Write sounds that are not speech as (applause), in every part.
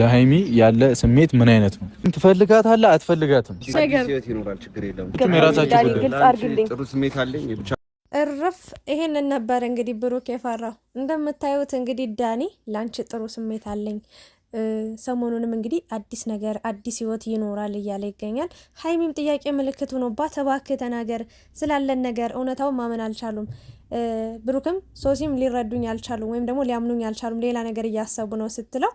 ለሀይሚ ያለ ስሜት ምን አይነት ነው? ትፈልጋታለህ? አትፈልጋትም? እርፍ። ይሄንን ነበር እንግዲህ ብሩክ የፈራው። እንደምታዩት እንግዲህ ዳኒ ላንቺ ጥሩ ስሜት አለኝ ሰሞኑንም እንግዲህ አዲስ ነገር አዲስ ህይወት ይኖራል እያለ ይገኛል። ሀይሚም ጥያቄ ምልክት ሆኖባት እባክህ ተናገር ስላለን ነገር እውነታው ማመን አልቻሉም። ብሩክም ሶሲም ሊረዱኝ አልቻሉም፣ ወይም ደግሞ ሊያምኑኝ አልቻሉም፣ ሌላ ነገር እያሰቡ ነው ስትለው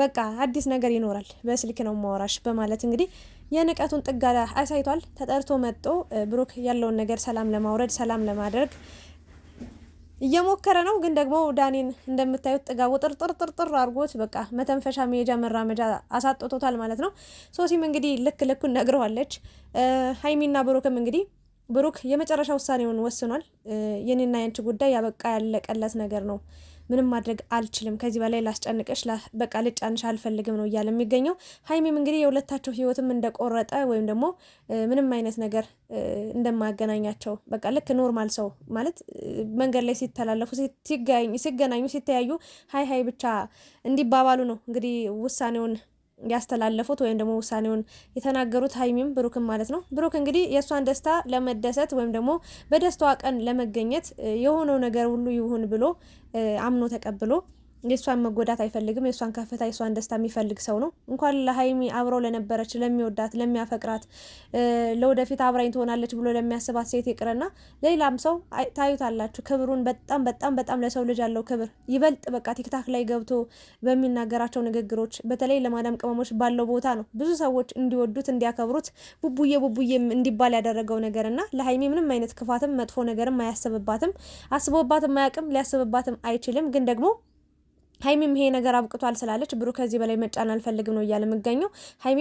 በቃ አዲስ ነገር ይኖራል፣ በስልክ ነው ማወራሽ በማለት እንግዲህ የንቀቱን ጥግ አሳይቷል። ተጠርቶ መጥቶ ብሩክ ያለውን ነገር ሰላም ለማውረድ ሰላም ለማድረግ እየሞከረ ነው። ግን ደግሞ ዳኔን እንደምታዩት ጥጋቡ ጥርጥርጥርጥር አድርጎት በቃ መተንፈሻ መሄጃ መራመጃ አሳጥቶታል ማለት ነው። ሶሲም እንግዲህ ልክ ልኩን ነግረዋለች። ሀይሚና ብሩክም እንግዲህ ብሩክ የመጨረሻ ውሳኔውን ወስኗል። የኔና ያንቺ ጉዳይ ያበቃ ያለቀለት ነገር ነው ምንም ማድረግ አልችልም፣ ከዚህ በላይ ላስጨንቅሽ፣ በቃ ልጫንሽ አልፈልግም ነው እያለ የሚገኘው። ሀይሚም እንግዲህ የሁለታቸው ህይወትም እንደቆረጠ ወይም ደግሞ ምንም አይነት ነገር እንደማያገናኛቸው በቃ ልክ ኖርማል ሰው ማለት መንገድ ላይ ሲተላለፉ ሲገናኙ ሲተያዩ ሀይ ሀይ ብቻ እንዲባባሉ ነው እንግዲህ ውሳኔውን ያስተላለፉት ወይም ደግሞ ውሳኔውን የተናገሩት ሀይሚም ብሩክም ማለት ነው። ብሩክ እንግዲህ የእሷን ደስታ ለመደሰት ወይም ደግሞ በደስታዋ ቀን ለመገኘት የሆነው ነገር ሁሉ ይሁን ብሎ አምኖ ተቀብሎ የእሷን መጎዳት አይፈልግም። የእሷን ከፍታ፣ የእሷን ደስታ የሚፈልግ ሰው ነው። እንኳን ለሀይሚ አብረው ለነበረች ለሚወዳት፣ ለሚያፈቅራት ለወደፊት አብራኝ ትሆናለች ብሎ ለሚያስባት ሴት ይቅርና ሌላም ሰው ታዩታላችሁ። ክብሩን በጣም በጣም በጣም ለሰው ልጅ ያለው ክብር ይበልጥ በቃ ቲክታክ ላይ ገብቶ በሚናገራቸው ንግግሮች በተለይ ለማዳም ቅመሞች ባለው ቦታ ነው ብዙ ሰዎች እንዲወዱት እንዲያከብሩት ቡቡዬ ቡቡዬ እንዲባል ያደረገው ነገር እና ለሀይሚ ምንም አይነት ክፋትም መጥፎ ነገርም አያስብባትም። አስቦባትም አያውቅም። ሊያስብባትም አይችልም ግን ደግሞ ሀይሚም ይሄ ነገር አብቅቷል ስላለች ብሩ ከዚህ በላይ መጫን አልፈልግም ነው እያለ የምገኘው። ሀይሚ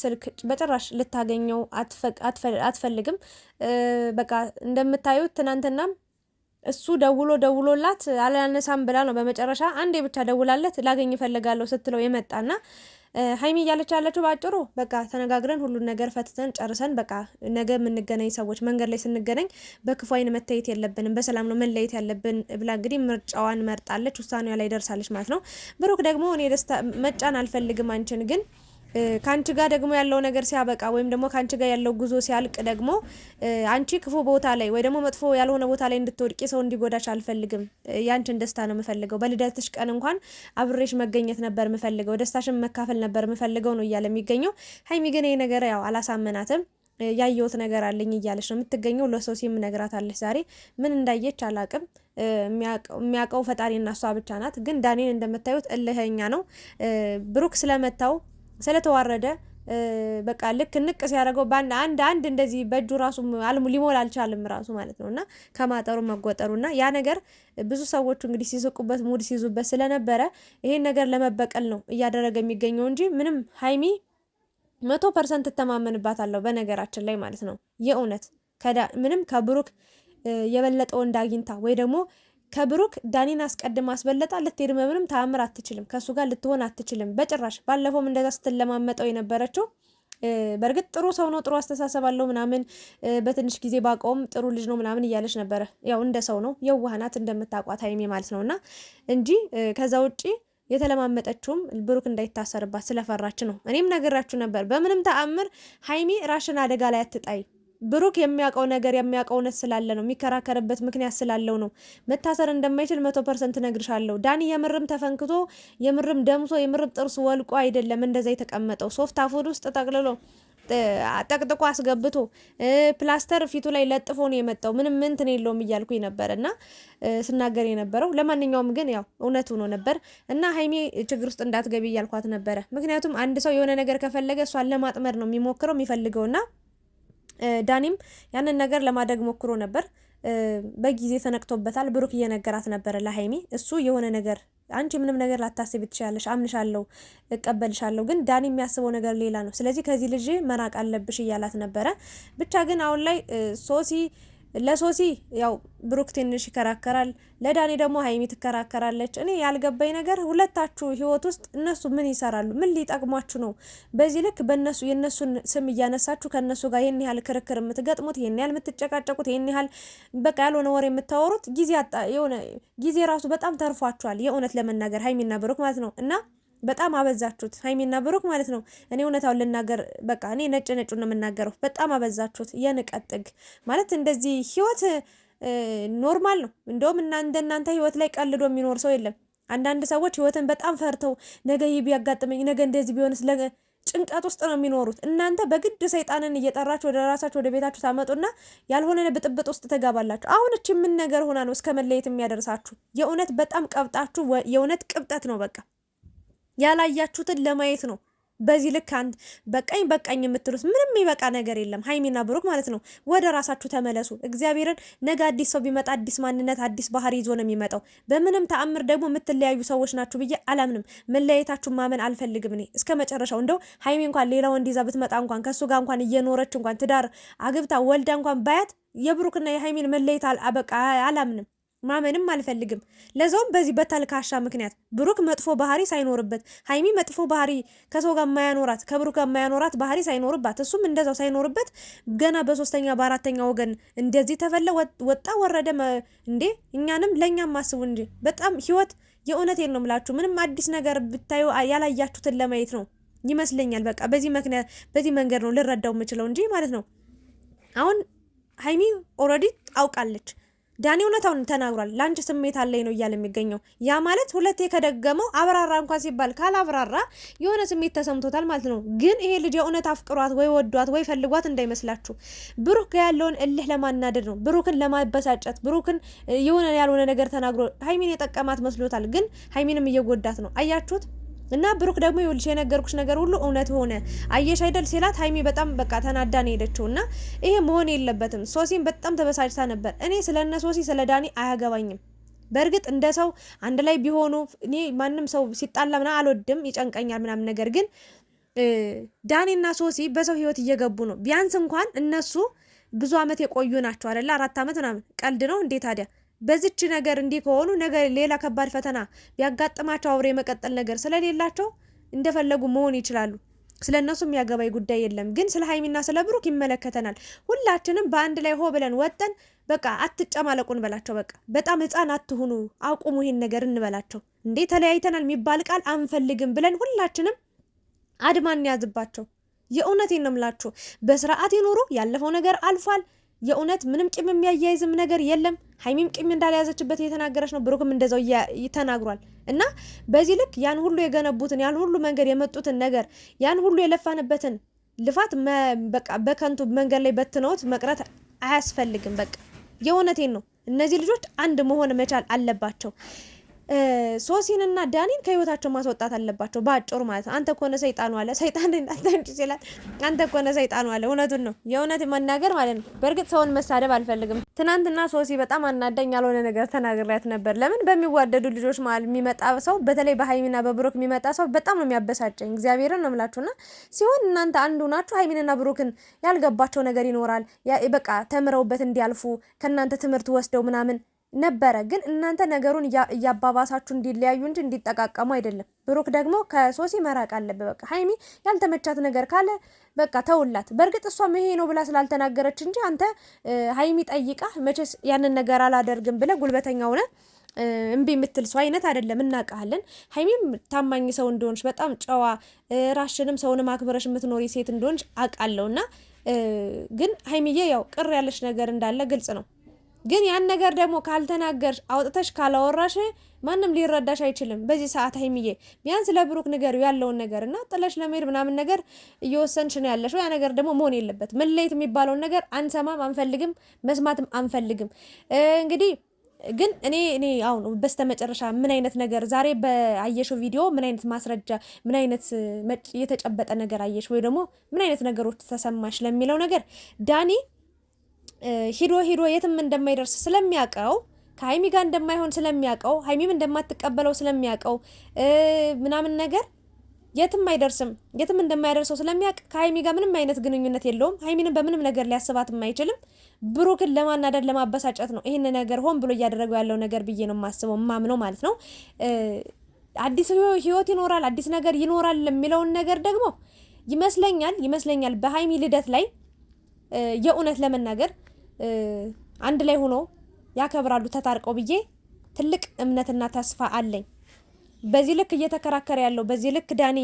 ስልክ በጭራሽ ልታገኘው አትፈልግም። በቃ እንደምታዩት ትናንትና እሱ ደውሎ ደውሎላት አላነሳም ብላ ነው በመጨረሻ አንዴ ብቻ ደውላለት ላገኝ እፈልጋለሁ ስትለው የመጣና ሀይሚ እያለች ያለችው በአጭሩ በቃ ተነጋግረን ሁሉን ነገር ፈትተን ጨርሰን በቃ ነገ የምንገናኝ ሰዎች መንገድ ላይ ስንገናኝ በክፉ አይን መታየት የለብንም፣ በሰላም ነው መለየት ያለብን ብላ እንግዲህ ምርጫዋን መርጣለች፣ ውሳኔዋ ላይ ደርሳለች ማለት ነው። ብሩክ ደግሞ እኔ ደስታ መጫን አልፈልግም አንቺን ግን ከአንቺ ጋር ደግሞ ያለው ነገር ሲያበቃ ወይም ደግሞ ከአንቺ ጋር ያለው ጉዞ ሲያልቅ ደግሞ አንቺ ክፉ ቦታ ላይ ወይ ደግሞ መጥፎ ያልሆነ ቦታ ላይ እንድትወድቂ ሰው እንዲጎዳሽ አልፈልግም። ያንቺን ደስታ ነው የምፈልገው። በልደትሽ ቀን እንኳን አብሬሽ መገኘት ነበር የምፈልገው፣ ደስታሽን መካፈል ነበር የምፈልገው ነው እያለ የሚገኘው። ሀይሚ ግን ይህ ነገር ያው አላሳመናትም። ያየሁት ነገር አለኝ እያለች ነው የምትገኘው። ለሶሲም ነግራታለች። ዛሬ ምን እንዳየች አላቅም። የሚያውቀው እና እሷ ብቻ ናት። ግን ዳኔን እንደምታዩት እልህኛ ነው ብሩክ ስለመታው ስለተዋረደ በቃ ልክ ንቅ ሲያደርገው በአንድ አንድ አንድ እንደዚህ በእጁ ራሱ አልሙ ሊሞል አልቻልም ራሱ ማለት ነው። እና ከማጠሩ መጎጠሩ እና ያ ነገር ብዙ ሰዎቹ እንግዲህ ሲስቁበት ሙድ ሲይዙበት ስለነበረ ይሄን ነገር ለመበቀል ነው እያደረገ የሚገኘው እንጂ ምንም ሀይሚ መቶ ፐርሰንት እተማመንባታለሁ በነገራችን ላይ ማለት ነው። የእውነት ምንም ከብሩክ የበለጠ ወንድ አግኝታ ወይ ደግሞ ከብሩክ ዳኒን አስቀድማ አስበለጣ ልትሄድ ምንም ተአምር አትችልም። ከእሱ ጋር ልትሆን አትችልም በጭራሽ። ባለፈውም እንደዛ ስትለማመጠው የነበረችው በእርግጥ ጥሩ ሰው ነው፣ ጥሩ አስተሳሰብ አለው ምናምን፣ በትንሽ ጊዜ ባውቀውም ጥሩ ልጅ ነው ምናምን እያለች ነበረ። ያው እንደ ሰው ነው፣ የዋህናት እንደምታቋት ሀይሜ ማለት ነው እና እንጂ ከዛ ውጪ የተለማመጠችውም ብሩክ እንዳይታሰርባት ስለፈራች ነው። እኔም ነግራችሁ ነበር፣ በምንም ተአምር ሀይሜ ራሽን አደጋ ላይ አትጣይ ብሩክ የሚያውቀው ነገር የሚያውቀው እውነት ስላለ ነው የሚከራከርበት ምክንያት ስላለው ነው። መታሰር እንደማይችል መቶ ፐርሰንት እነግርሻለሁ። ዳኒ የምርም ተፈንክቶ የምርም ደምሶ የምርም ጥርሱ ወልቆ አይደለም እንደዛ የተቀመጠው ሶፍት አፉድ ውስጥ ጠቅልሎ ጠቅጥቆ አስገብቶ ፕላስተር ፊቱ ላይ ለጥፎ ነው የመጣው። ምንም ምንትን የለውም እያልኩ ነበር እና ስናገር የነበረው ለማንኛውም ግን ያው እውነት ሆኖ ነበር እና ሀይሜ ችግር ውስጥ እንዳትገቢ እያልኳት ነበረ። ምክንያቱም አንድ ሰው የሆነ ነገር ከፈለገ እሷን ለማጥመር ነው የሚሞክረው የሚፈልገውና ዳኒም ያንን ነገር ለማደግ ሞክሮ ነበር። በጊዜ ተነቅቶበታል። ብሩክ እየነገራት ነበረ ለሀይሚ እሱ የሆነ ነገር አንቺ ምንም ነገር ላታስብ ትችላለሽ፣ አምንሻለሁ፣ እቀበልሻለሁ። ግን ዳኒ የሚያስበው ነገር ሌላ ነው። ስለዚህ ከዚህ ልጅ መራቅ አለብሽ እያላት ነበረ። ብቻ ግን አሁን ላይ ሶሲ ለሶሲ ያው ብሩክ ትንሽ ይከራከራል፣ ለዳኒ ደግሞ ሀይሚ ትከራከራለች። እኔ ያልገባኝ ነገር ሁለታችሁ ህይወት ውስጥ እነሱ ምን ይሰራሉ? ምን ሊጠቅሟችሁ ነው? በዚህ ልክ በእነሱ የእነሱን ስም እያነሳችሁ ከእነሱ ጋር ይህን ያህል ክርክር የምትገጥሙት፣ ይህን ያህል የምትጨቃጨቁት፣ ይህን ያህል በቃ ያልሆነ ወሬ የምታወሩት ጊዜ ጊዜ ራሱ በጣም ተርፏችኋል። የእውነት ለመናገር ሀይሚና ብሩክ ማለት ነው እና በጣም አበዛችሁት፣ ሀይሚና ብሩክ ማለት ነው። እኔ እውነታውን ልናገር፣ በቃ እኔ ነጭ ነጩ ነው የምናገረው። በጣም አበዛችሁት። የንቀት ጥግ ማለት እንደዚህ ህይወት ኖርማል ነው። እንደውም እንደ እናንተ ህይወት ላይ ቀልዶ የሚኖር ሰው የለም። አንዳንድ ሰዎች ህይወትን በጣም ፈርተው ነገ ይህ ቢያጋጥመኝ፣ ነገ እንደዚህ ቢሆንስ ጭንቀት ውስጥ ነው የሚኖሩት። እናንተ በግድ ሰይጣንን እየጠራችሁ ወደ ራሳችሁ ወደ ቤታችሁ ታመጡና ያልሆነ ብጥብጥ ውስጥ ተጋባላችሁ። አሁን እቺ ምን ነገር ሆና ነው እስከ መለየት የሚያደርሳችሁ? የእውነት በጣም ቀብጣችሁ፣ የእውነት ቅብጠት ነው በቃ። ያላያችሁትን ለማየት ነው። በዚህ ልክ አንድ በቃኝ በቃኝ የምትሉት ምንም የሚበቃ ነገር የለም። ሀይሚና ብሩክ ማለት ነው። ወደ ራሳችሁ ተመለሱ። እግዚአብሔርን ነገ አዲስ ሰው ቢመጣ አዲስ ማንነት፣ አዲስ ባህሪ ይዞ ነው የሚመጣው። በምንም ተአምር ደግሞ የምትለያዩ ሰዎች ናችሁ ብዬ አላምንም። መለያየታችሁ ማመን አልፈልግም እኔ እስከ መጨረሻው። እንደው ሀይሚ እንኳን ሌላ ወንድ ይዛ ብትመጣ እንኳን ከእሱ ጋር እንኳን እየኖረች እንኳን ትዳር አግብታ ወልዳ እንኳን ባያት የብሩክና የሀይሚን መለየት አላምንም። ማመንም አልፈልግም። ለዛውም በዚህ በታልካሻ ምክንያት ብሩክ መጥፎ ባህሪ ሳይኖርበት፣ ሀይሚ መጥፎ ባህሪ ከሰው ጋር ማያኖራት ከብሩክ ጋር ማያኖራት ባህሪ ሳይኖርባት፣ እሱም እንደዛው ሳይኖርበት ገና በሶስተኛ በአራተኛ ወገን እንደዚህ ተፈለ ወጣ ወረደ እንዴ! እኛንም ለእኛም አስቡ እንጂ በጣም ህይወት የእውነቴን ነው የምላችሁ። ምንም አዲስ ነገር ብታዩ ያላያችሁትን ለማየት ነው ይመስለኛል። በቃ በዚህ ምክንያት በዚህ መንገድ ነው ልረዳው የምችለው እንጂ ማለት ነው። አሁን ሀይሚ ኦልሬዲ አውቃለች ዳኒ እውነታውን ተናግሯል። ለአንቺ ስሜት አለኝ ነው እያለ የሚገኘው ያ ማለት ሁለቴ ከደገመው አብራራ እንኳን ሲባል ካላብራራ የሆነ ስሜት ተሰምቶታል ማለት ነው። ግን ይሄ ልጅ የእውነት አፍቅሯት ወይ ወዷት ወይ ፈልጓት እንዳይመስላችሁ። ብሩክ ያለውን እልህ ለማናደድ ነው፣ ብሩክን ለማበሳጨት፣ ብሩክን የሆነ ያልሆነ ነገር ተናግሮ ሀይሚን የጠቀማት መስሎታል። ግን ሀይሚንም እየጎዳት ነው። አያችሁት? እና ብሩክ ደግሞ ይኸውልሽ የነገርኩሽ ነገር ሁሉ እውነት ሆነ አየሽ አይደል ሲላት ሀይሚ በጣም በቃ ተናዳ ነው የሄደችው። እና ይሄ መሆን የለበትም ሶሲም በጣም ተበሳጭታ ነበር። እኔ ስለ እነ ሶሲ ስለ ዳኒ አያገባኝም። በእርግጥ እንደ ሰው አንድ ላይ ቢሆኑ እኔ ማንም ሰው ሲጣላ ምና አልወድም፣ ይጨንቀኛል ምናምን ነገር ግን ዳኒና ሶሲ በሰው ህይወት እየገቡ ነው። ቢያንስ እንኳን እነሱ ብዙ አመት የቆዩ ናቸው አይደለ? አራት አመት ምናምን ቀልድ ነው እንዴ ታዲያ በዚች ነገር እንዲህ ከሆኑ ነገር ሌላ ከባድ ፈተና ቢያጋጥማቸው አብሮ የመቀጠል ነገር ስለሌላቸው እንደፈለጉ መሆን ይችላሉ። ስለ እነሱ የሚያገባኝ ጉዳይ የለም። ግን ስለ ሀይሚና ስለ ብሩክ ይመለከተናል። ሁላችንም በአንድ ላይ ሆ ብለን ወጠን በቃ አትጨማለቁን በላቸው። በቃ በጣም ህፃን አትሁኑ፣ አቁሙ ይሄን ነገር እንበላቸው። እንዴ ተለያይተናል የሚባል ቃል አንፈልግም ብለን ሁላችንም አድማ እንያዝባቸው። የእውነቴን ነው የምላችሁ። በስርዓት ያለፈው ነገር አልፏል። የእውነት ምንም ቂም የሚያያይዝም ነገር የለም። ሀይሚም ቂም እንዳልያዘችበት እየተናገረች ነው። ብሩክም እንደዛው ተናግሯል። እና በዚህ ልክ ያን ሁሉ የገነቡትን ያን ሁሉ መንገድ የመጡትን ነገር ያን ሁሉ የለፋንበትን ልፋት በቃ በከንቱ መንገድ ላይ በትነውት መቅረት አያስፈልግም። በቃ የእውነቴን ነው። እነዚህ ልጆች አንድ መሆን መቻል አለባቸው። ሶሲንና ዳኒን ከህይወታቸው ማስወጣት አለባቸው። በአጭሩ ማለት ነው። አንተ ኮነ ሰይጣኑ አለ ሰይጣን እንዳታንጭ ይችላል። አንተ ኮነ ሰይጣኑ አለ። እውነቱን ነው፣ የእውነት መናገር ማለት ነው። በእርግጥ ሰውን መሳደብ አልፈልግም። ትናንትና ሶሲ በጣም አናዳኝ ያልሆነ ነገር ተናግሬያት ነበር። ለምን በሚዋደዱ ልጆች መሀል የሚመጣ ሰው፣ በተለይ በሀይሚና በብሩክ የሚመጣ ሰው በጣም ነው የሚያበሳጨኝ። እግዚአብሔርን ነው ምላችሁና ሲሆን እናንተ አንዱ ናችሁ። ሀይሚንና ብሩክን ያልገባቸው ነገር ይኖራል። በቃ ተምረውበት እንዲያልፉ ከእናንተ ትምህርት ወስደው ምናምን ነበረ። ግን እናንተ ነገሩን እያባባሳችሁ እንዲለያዩ እንጂ እንዲጠቃቀሙ አይደለም። ብሩክ ደግሞ ከሶሲ መራቅ አለበት። በቃ ሀይሚ ያልተመቻት ነገር ካለ በቃ ተውላት። በእርግጥ እሷ ይሄ ነው ብላ ስላልተናገረች እንጂ አንተ ሀይሚ ጠይቃ መቼስ ያንን ነገር አላደርግም ብለህ ጉልበተኛ ሆነ እምቢ የምትል ሰው አይነት አይደለም፣ እናውቃለን። ሀይሚም ታማኝ ሰው እንደሆንሽ በጣም ጨዋ ራሽንም ሰውንም አክብረሽ የምትኖሪ ሴት እንደሆንሽ አውቃለሁ። እና ግን ሀይሚዬ ያው ቅር ያለሽ ነገር እንዳለ ግልጽ ነው። ግን ያን ነገር ደግሞ ካልተናገርሽ አውጥተሽ ካላወራሽ ማንም ሊረዳሽ አይችልም። በዚህ ሰዓት ሀይሚዬ ቢያንስ ለብሩክ ነገር ያለውን ነገር እና ጥለሽ ለመሄድ ምናምን ነገር እየወሰንሽ ነው ያለሽው። ያ ነገር ደግሞ መሆን የለበት። መለየት የሚባለውን ነገር አንሰማም፣ አንፈልግም፣ መስማትም አንፈልግም። እንግዲህ ግን እኔ እኔ አሁን በስተመጨረሻ ምን አይነት ነገር ዛሬ በአየሽው ቪዲዮ ምን አይነት ማስረጃ ምን አይነት የተጨበጠ ነገር አየሽ ወይ ደግሞ ምን አይነት ነገሮች ተሰማሽ ለሚለው ነገር ዳኒ ሂዶ ሂዶ የትም እንደማይደርስ ስለሚያውቀው ከሀይሚ ጋር እንደማይሆን ስለሚያውቀው ሀይሚም እንደማትቀበለው ስለሚያውቀው ምናምን ነገር የትም አይደርስም፣ የትም እንደማይደርሰው ስለሚያውቅ ከሀይሚ ጋር ምንም አይነት ግንኙነት የለውም። ሀይሚንም በምንም ነገር ሊያስባትም አይችልም። ብሩክን ለማናደድ ለማበሳጨት ነው ይህን ነገር ሆን ብሎ እያደረገው ያለው ነገር ብዬ ነው የማስበው ማምነው ማለት ነው። አዲስ ህይወት ይኖራል፣ አዲስ ነገር ይኖራል የሚለውን ነገር ደግሞ ይመስለኛል ይመስለኛል በሀይሚ ልደት ላይ የእውነት ለመናገር አንድ ላይ ሆኖ ያከብራሉ ተታርቀው ብዬ ትልቅ እምነትና ተስፋ አለኝ። በዚህ ልክ እየተከራከረ ያለው በዚህ ልክ ዳኒ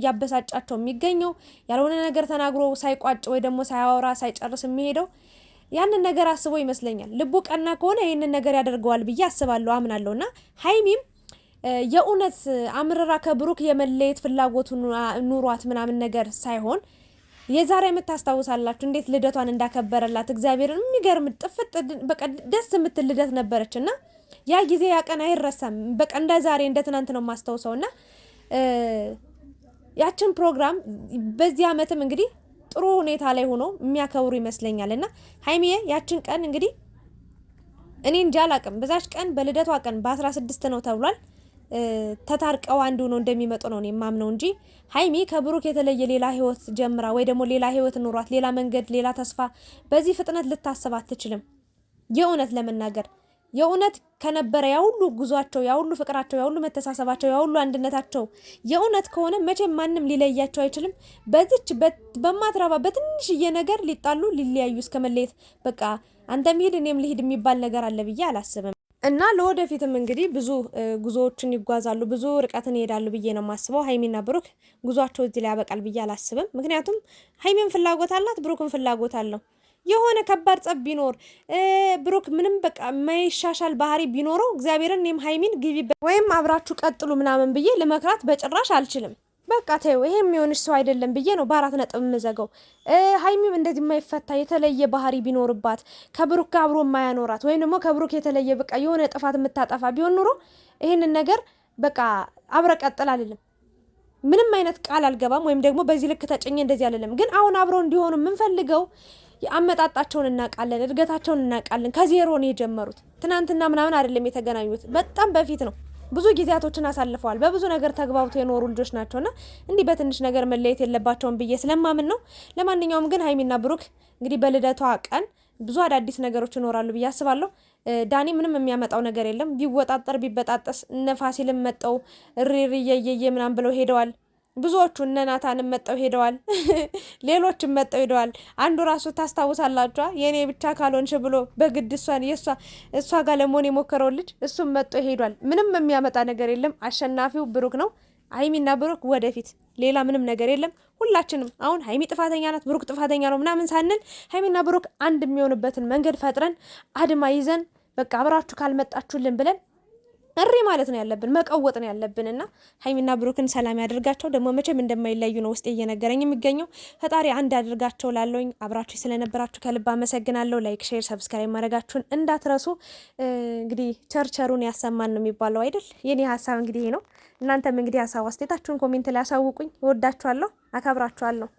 እያበሳጫቸው የሚገኘው ያልሆነ ነገር ተናግሮ ሳይቋጭ ወይ ደግሞ ሳያወራ ሳይጨርስ የሚሄደው ያንን ነገር አስቦ ይመስለኛል። ልቡ ቀና ከሆነ ይህንን ነገር ያደርገዋል ብዬ አስባለሁ፣ አምናለሁ እና ሀይሚም የእውነት አምርራ ከብሩክ የመለየት ፍላጎቱ ኑሯት ምናምን ነገር ሳይሆን የዛሬ የምታስታውሳላችሁ እንዴት ልደቷን እንዳከበረላት እግዚአብሔርን የሚገርም ጥፍጥ በቃ ደስ የምትል ልደት ነበረች እና ያ ጊዜ ያ ቀን አይረሳም። በቃ እንደ ዛሬ እንደ ትናንት ነው የማስታውሰው እና ያችን ፕሮግራም በዚህ አመትም እንግዲህ ጥሩ ሁኔታ ላይ ሆኖ የሚያከብሩ ይመስለኛል እና ሀይሚዬ ያችን ቀን እንግዲህ እኔ እንጃ አላቅም። በዛች ቀን በልደቷ ቀን በአስራ ስድስት ነው ተብሏል። ተታርቀው አንዱ ነው እንደሚመጡ ነው የማምነው እንጂ ሀይሚ ከብሩክ የተለየ ሌላ ህይወት ጀምራ ወይ ደግሞ ሌላ ህይወት ኑሯት ሌላ መንገድ ሌላ ተስፋ በዚህ ፍጥነት ልታስብ አትችልም። የእውነት ለመናገር የእውነት ከነበረ ያ ሁሉ ጉዟቸው፣ ያ ሁሉ ፍቅራቸው፣ ያ ሁሉ መተሳሰባቸው፣ ያ ሁሉ አንድነታቸው የእውነት ከሆነ መቼም ማንም ሊለያቸው አይችልም። በዚች በማትረባ በትንሽዬ ነገር ሊጣሉ ሊለያዩ እስከ መለየት በቃ አንተም ሂድ እኔም ልሂድ የሚባል ነገር አለ ብዬ አላስብም። እና ለወደፊትም እንግዲህ ብዙ ጉዞዎችን ይጓዛሉ፣ ብዙ ርቀትን ይሄዳሉ ብዬ ነው የማስበው። ሀይሚና ብሩክ ጉዟቸው እዚህ ላይ ያበቃል ብዬ አላስብም። ምክንያቱም ሀይሚን ፍላጎት አላት፣ ብሩክን ፍላጎት አለው። የሆነ ከባድ ጸብ ቢኖር ብሩክ ምንም በቃ የማይሻሻል ባህሪ ቢኖረው እግዚአብሔርን እኔም ሀይሚን ግቢ ወይም አብራችሁ ቀጥሉ ምናምን ብዬ ልመክራት በጭራሽ አልችልም። በቃ ተይው፣ ይሄ የሚሆንሽ ሰው አይደለም ብዬ ነው በአራት ነጥብ የምዘገው። ሀይሚም እንደዚህ የማይፈታ የተለየ ባህሪ ቢኖርባት ከብሩክ ጋር አብሮ የማያኖራት ወይም ደግሞ ከብሩክ የተለየ በቃ የሆነ ጥፋት የምታጠፋ ቢሆን ኑሮ ይህንን ነገር በቃ አብረ ቀጥል አልልም። ምንም አይነት ቃል አልገባም፣ ወይም ደግሞ በዚህ ልክ ተጨኘ እንደዚህ አልልም። ግን አሁን አብሮ እንዲሆኑ የምንፈልገው አመጣጣቸውን እናውቃለን፣ እድገታቸውን እናውቃለን። ከዜሮ ነው የጀመሩት። ትናንትና ምናምን አይደለም የተገናኙት፣ በጣም በፊት ነው ብዙ ጊዜያቶችን አሳልፈዋል። በብዙ ነገር ተግባብቶ የኖሩ ልጆች ናቸውና እንዲህ በትንሽ ነገር መለየት የለባቸውም ብዬ ስለማምን ነው። ለማንኛውም ግን ሀይሚና ብሩክ እንግዲህ በልደቷ ቀን ብዙ አዳዲስ ነገሮች ይኖራሉ ብዬ አስባለሁ። ዳኒ ምንም የሚያመጣው ነገር የለም። ቢወጣጠር ቢበጣጠስ እነ ፋሲልም መጠው ሪሪ ምናም ምናምን ብለው ሄደዋል። ብዙዎቹ እነ ናታንም መጠው ሄደዋል። (laughs) ሌሎችም መጠው ሄደዋል። አንዱ ራሱ ታስታውሳላችኋ የእኔ ብቻ ካልሆንሽ ብሎ በግድ እሷን የእሷ እሷ ጋር ለመሆን የሞከረው ልጅ እሱም መጦ ሄዷል። ምንም የሚያመጣ ነገር የለም። አሸናፊው ብሩክ ነው። ሀይሚና ብሩክ ወደፊት ሌላ ምንም ነገር የለም። ሁላችንም አሁን ሀይሚ ጥፋተኛ ናት፣ ብሩክ ጥፋተኛ ነው ምናምን ሳንል ሀይሚና ብሩክ አንድ የሚሆንበትን መንገድ ፈጥረን አድማ ይዘን በቃ አብራችሁ ካልመጣችሁልን ብለን እሪ ማለት ነው ያለብን፣ መቀወጥ ነው ያለብን። እና ሀይሚና ብሩክን ሰላም ያደርጋቸው። ደግሞ መቼም እንደማይለያዩ ነው ውስጤ እየነገረኝ የሚገኘው። ፈጣሪ አንድ ያደርጋቸው። ላለኝ አብራችሁ ስለነበራችሁ ከልብ አመሰግናለሁ። ላይክ፣ ሼር፣ ሰብስክራይብ ማድረጋችሁን እንዳትረሱ። እንግዲህ ቸርቸሩን ያሰማን ነው የሚባለው አይደል? የኔ ሀሳብ እንግዲህ ነው። እናንተም እንግዲህ ሀሳብ አስተያየታችሁን ኮሜንት ላይ አሳውቁኝ። እወዳችኋለሁ፣ አከብራችኋለሁ።